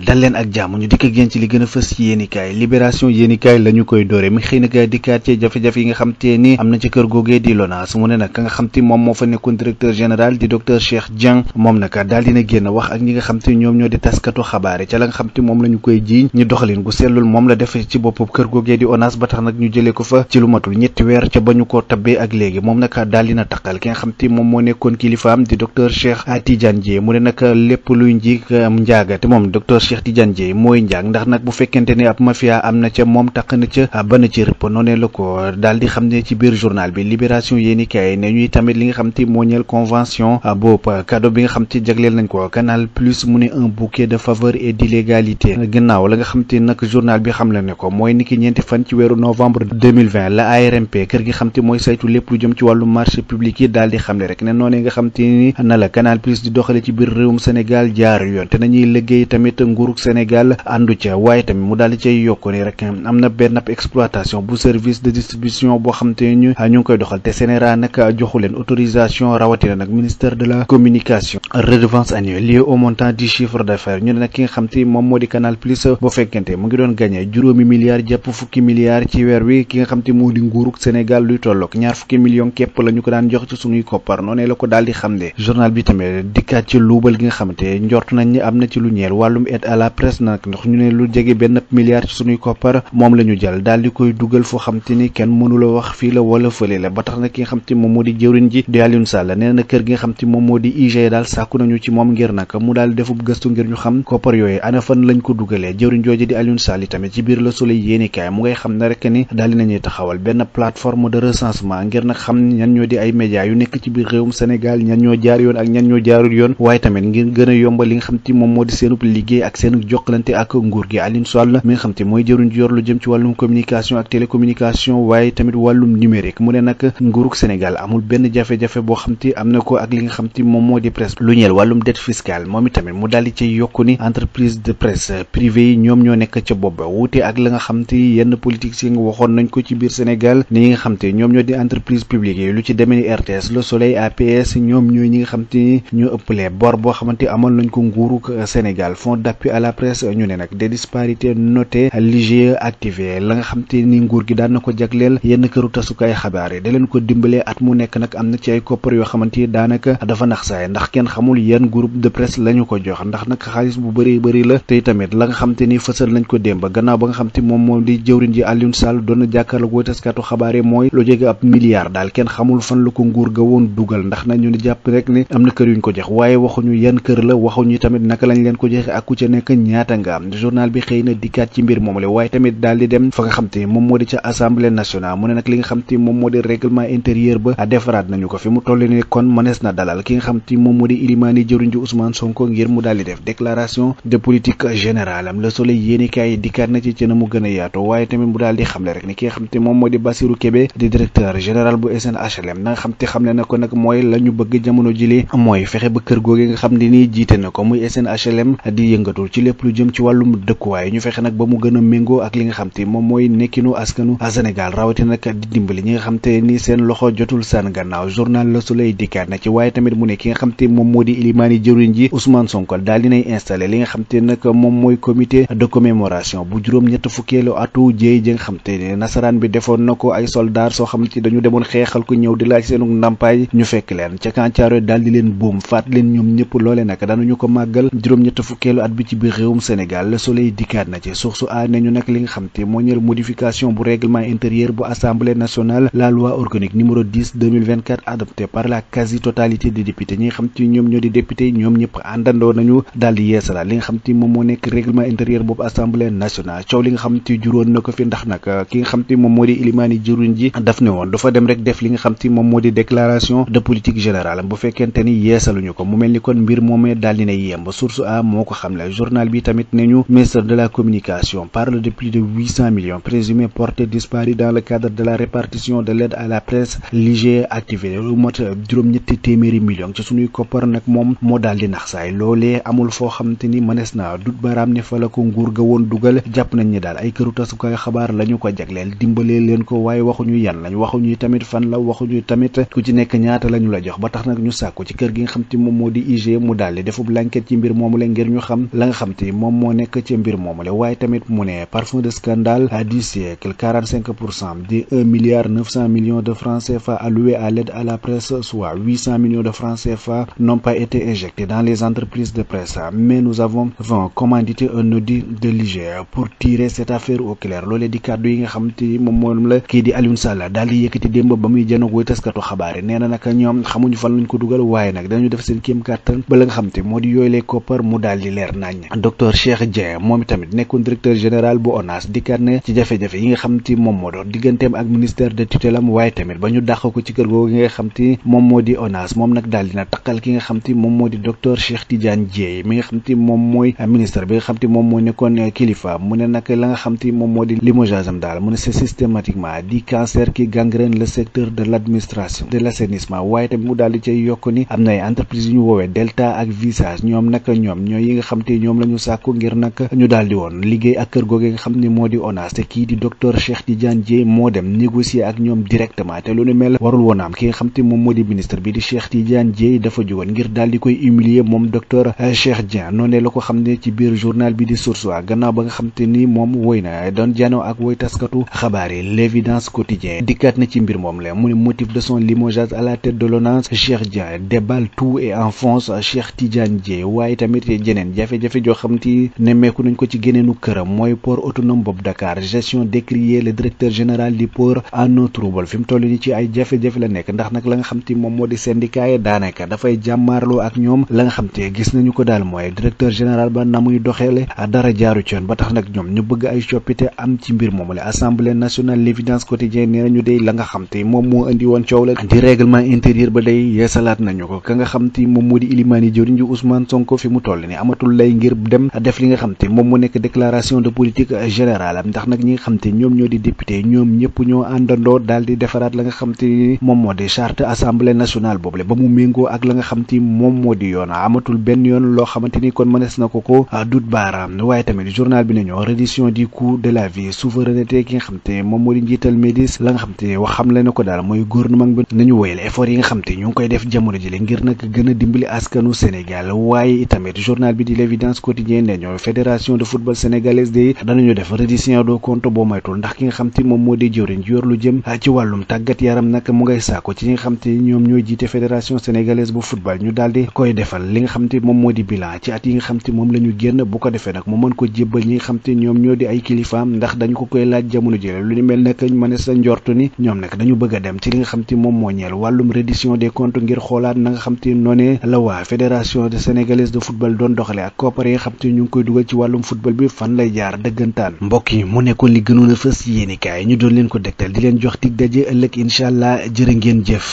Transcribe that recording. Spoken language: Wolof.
dal leen ak jàmm ñu dikk ak yéen ci li gën a fës ci yéenikaay libération yéenikaay la ñu koy doore mi xëy na kay jafe-jafe yi nga xam te ni am na ci kër googee di LONASE mu ne nag ka nga xam te moom moo fa nekkoon directeur général di docteur Cheikh Dieng moom nag daal dina génn wax ak ñi nga xam te ñoom ñoo di taskatu xabaare ca la nga xam te moom la ñu koy jiiñ ñu doxalin gu sellul moom la def ci bopp kër googee di ONAS ba tax nag ñu jëlee ko fa ci lu matul ñetti weer ca ba ñu ko tabbee ak léegi moom nag daal dina taqal ki nga xam te moom moo nekkoon kilifaam di docteur Cheikh Tidiane Dieng mu ne nag lépp luy nji njaagate moom docteur Cheikh Tidiane Dièye mooy njaag ndax nag bu fekkente ne ab mafia am na ca moom taq na ca ba ci rëpp noonee ko daal di xam ne ci biir journal bi libération yéeni kaay ne ñuy tamit li nga xam te moo ñeel convention boobu cadeau bi ko mu ne gannaaw la nga xam te nag journal bi xam la ne ko mooy niki ñeenti fan ci weeru novembre 2020 la ARMP kër gi xam te mooy saytu lépp lu jëm ci wàllu marché public yi daal di xam ne rek ne noonee nga xam te ni na la Canal Plus di doxale ci biir réewum Sénégal jaar yoon te nañuy liggéey tamit nguurug Sénégal àndu ca waaye tamit mu daal di cay yokk ni rek am na benn ab exploitation bu service de distribution boo xam te ñu ñu ngi koy doxal te Sénéra nag de la communication redevance annuelle liée au montant du chiffre d'affaires ñu moom moo di Canal Plus boo fekkente mu ngi doon gagné juróomi milliards jàpp fukki milliards ci weer wi ki nga xam te moo di nguurug Sénégal luy tolloog ñaar fukki millions képp la ñu ko daan jox ci suñuy koppar noonee ko daal di xam ne journal bi tamit dikkaat ci luubal gi nga xamante njort nañ am na ci lu ñeel wàllum aide à la presse nag ndax ñu ne lu jege benn milliard ci suñuy koppar moom la ñu jël daal di koy dugal foo xam te ni kenn mënula wax fii la wala fële la ba tax na ki nga xam te moom moo di jëwriñ ji di Alioune Sall nee na kër gi nga xam te moom moo di IG daal sàkku nañu ci moom ngir nag mu daal defub gëstu ngir ñu xam koppar yooyu ana fan lañ ko dugalee jëwriñ jooju di Alioune Sall tamit ci biir la Soleil yéenikaay mu ngay xam ne rek ni daal di nañuy taxawal benn plateforme de recensement ngir nag xam ñan ñoo di ay médias yu nekk ci biir réewum Sénégal ñan ñoo jaar ak ñan ñoo jaarul yoon waaye tamit ngir gën nga xam te moom moo di seenub liggéey ak seen jokkalante ak nguur gi Alioune Sall mi nga xam te mooy jëruñ ji yor lu jëm ci wàllum communication ak télécommunication waaye tamit wàllum numérique mu ne nag nguurug Sénégal amul benn jafe-jafe boo xam te am na ko ak li nga xam te moom moo di presse lu ñeel wàllum dette fiscale moom itamit mu daal di ci yokku ni entreprise de presse privée yi ñoom ñoo nekk ca bopp wuute ak la nga xam te yenn politique yi nga waxoon nañ ko ci biir Sénégal ni nga xam te ñoom ñoo di entreprise publique yi lu ci demee ni RTS Le Soleil APS ñoom ñooy ñi nga xam te ñoo ëppalee bor boo xamante amoon nañ ko nguurug Sénégal à la presse ñu ne nag des disparités notées l'IGE activé la nga xam te ni nguur gi daan na ko jagleel yenn këru tasukaay xabaar yi da leen ko dimbalee at mu nekk nag am na ci ay koppar yoo xamante ni daanaka dafa nax saay ndax kenn xamul yenn groupe de presse la ñu ko jox ndax nag xaalis bu bëri bari la te tamit la nga xam te ni fësal nañ ko démb gannaaw ba nga xam te moom moom di jëwriñ ji Alioune Sall doon na jàkkaarloog woy taskatu xabaar yi mooy lu jege ab milliard daal kenn xamul fan la ko nguur ga woon dugal ndax nag ñu ni jàpp rek ne am na kër yuñ ko jox waaye waxuñu yenn kër la waxuñu tamit naka lañ ko daanaka ñaata nga am journal bi xëy na dikkaat ci mbir moom la waaye tamit daal dem fa nga xam moom moo di ca assemblée nationale mu ne nag li nga xam moom moo di ilimaani jëruñ ji Ousmane Sonko ngir mu daal def déclaration de politique générale am Soleil yéenekaay yi dikkaat na ci ci na mu gën a waaye tamit mu daal xamle rek ni ki nga xam moom moo di Bassirou Kébé di directeur général bu SNHLM na nga xamle na ko nag mooy la bëgg ci lépp lu jëm ci wàllum waaye ñu fexe nag ba mu gën a méngoo ak li nga xam te moom mooy nekkinu askanu Sénégal rawati nag di dimbali ñi nga xam te ni seen loxo jotul seen gannaaw journal Le Soleil dikkaat na ci waaye tamit mu ne ki nga xam te moom moo di ilimaani jëwriñ ji Ousmane Sonko daal dinay installé li nga xam te nag moom mooy comité de commémoration bu juróom ñett fukkeelu atu jéey ji xam te ne nasaraan bi defoon na ko ay soldaar soo xam te dañu demoon xeexal ko ñëw di laaj seenu ndàmpaay ñu fekk leen ca kancaaro daal di leen buum faat leen ñoom ñëpp loole nag danañu ko màggal juróom ñett fukkeelu ci biir réewum Sénégal Soleil dikkaat na ci source a nañu nag li nga xam te moo ñër modification bu règlement intérieur bu assemblée nationale la loi organique numéro 10 par la quasi totalité des députés ñi nga xam te ñoom ñoo di député ñoom ñëpp àndandoo nañu daal yeesalaat li nga xam te moom moo nekk règlement intérieur boobu assemblée nationale coow li nga xam te juróon na ko fi ndax nag ki nga xam te moom moo di ilimaani jëruñ ji daf nga xam te journal bi tamit ne ñu ministre de la communication parle de plus de huit cent millions présumés portés disparus dans le cadre de la répartition de l'aide à la presse l'IGE activé lu mot juróom-ñetti téeméeri millions ci suñuy koppar nag moom moo daal di nax saay loolee amul foo xamante ni mënees na dut baraam ne fa la ko nguur ga woon dugal jàpp nañ daal ay këru tasukaay xabaar la ñu ko jagleel dimbalee leen ko waaye waxuñu yan lañ waxuñu tamit fan la ñu tamit ku ci nekk ñaata la ñu la jox ba tax nag ñu sàkku ci kër gi nga xam te moom moo di IG mu daal di defub ci mbir moomu la ngir ñu xam nga xam te moom moo nekk ci mbir moomule waaye tamit mu ne parfum de scandale du siècle 45 millions de francs CFA alloués à l'aide à la presse soit millions de francs CFA n'ont pas été injectés dans les entreprises de presse mais nous avons commandité un audit de l'IGE pour tirer cette affaire au clair loolee di kàddu yi nga xam moom moom la kii di Alioune Sall daal di yëkkati démb ba muy janoog way taskatu xabaar yi nee na ñoom xamuñu fan jëriñ docteur Cheikh Dieng moom itamit nekkoon directeur général bu ONAS dikkaat na ci jafe-jafe yi nga xam ti moom moo doon digganteem ak ministère de tutelle am waaye tamit ba ñu dàq ko ci kër googu nga xam moom moo di ONAS moom nag daal dina taqal ki nga xam moom moo di docteur Cheikh Tidiane Dieng mi nga xam moom mooy ministre bi nga xam moom moo nekkoon kilifa mu ne nag la nga xam moom moo di limogeage daal mu ne c'est systématiquement di cancer ñoom la ñu sàkku ngir nag ñu daal di woon liggéey ak kër googe nga xam ne moo di ONAS te kii di docteur Cheikh Tidiane Dièye moo dem négocier ak ñoom directement te lu ne mel warul woon ki nga xam te moom moo di ministre bi di Cheikh Tidiane Dièye dafa jógoon ngir daal koy humilier moom docteur Cheikh Dieng noonee la ko xam ne ci biir journal bi di Source A gannaaw ba nga xam te ni moom woy na doon janoo ak woy taskatu xabaar yi l'évidence quotidien dikkaat la mu ne motif de son limogeage la tête de l'ONAS Cheikh Dieng déballe tout et enfonce Cheikh Tidiane Dièye waaye tamit jafe-jafe joo xam ti nemmeeku nañ ko ci géneenu këram mooy port autonome boobu Dakar gestion décriée le directeur général du port en trouble fi mu toll ci ay jafe-jafe la nekk ndax nag la nga xam moom moo di syndicat yi dafay jàmmaarloo ak ñoom la nga xam gis nañu ko daal mooy directeur général ba na muy doxeele dara jaaru ci yoon ba tax nag ñoom ñu bëgg ay coppite am ci mbir moomu la assemblée nationale l' évidence quotidienne nee nañu day ngir dem def li nga xam te moom mu nekk déclaration de politique générale ndax nag ñi nga xam ñoom ñoo di député ñoom ñëpp ñoo àndandoo daal di defaraat la nga xam moom moo di charte assemblée nationale boobule ba mu méngoo ak la nga xam te moom moo di yoon amatul benn yoon loo xamante ni kon mënees na ko ko dut baaraam waaye tamit journal bi nañoo reddition du coût de la vie souveraineté ki nga xam te moom moo di njiital Médis la nga xam xam le koy def jamono ji le ngir nag gën a dimbali L'Obs quotidien ne ñooy fédération de football sénégalaise day danañu def reddition de compte boo moytul ndax ki nga xam te moom moo di jëwriñ yor lu jëm ci wàllum tàggat yaram nag mu ngay saako ci nga xam te ñoom ñoo jiite fédération sénégalaise bu football ñu daal di koy defal li nga xam te moom moo di bilan ci at yi nga xam te moom la ñu génn bu ko defee nag mu mën ko jébbal ñi nga xam te ñoom ñoo di ay kilifaam ndax dañ ko koy laaj jamono jële lu ni mel nag mënees na njortu nag dañu bëgg a dem ci li nga xam moom moo ñeel wàllum reddition des comptes ngir xoolaat na nga xam te noonee la waa fédération sénégalaise de football doon doxale ak yi xam te ñu ngi koy dugal ci wàllum football bi fan lay jaar dëggantaan mbokk yi mu nekkoon li gënoon a fës yéenikaay ñu doon leen ko dégtal di leen jox dig daje ëllëg incha allah jërë ngeen jëf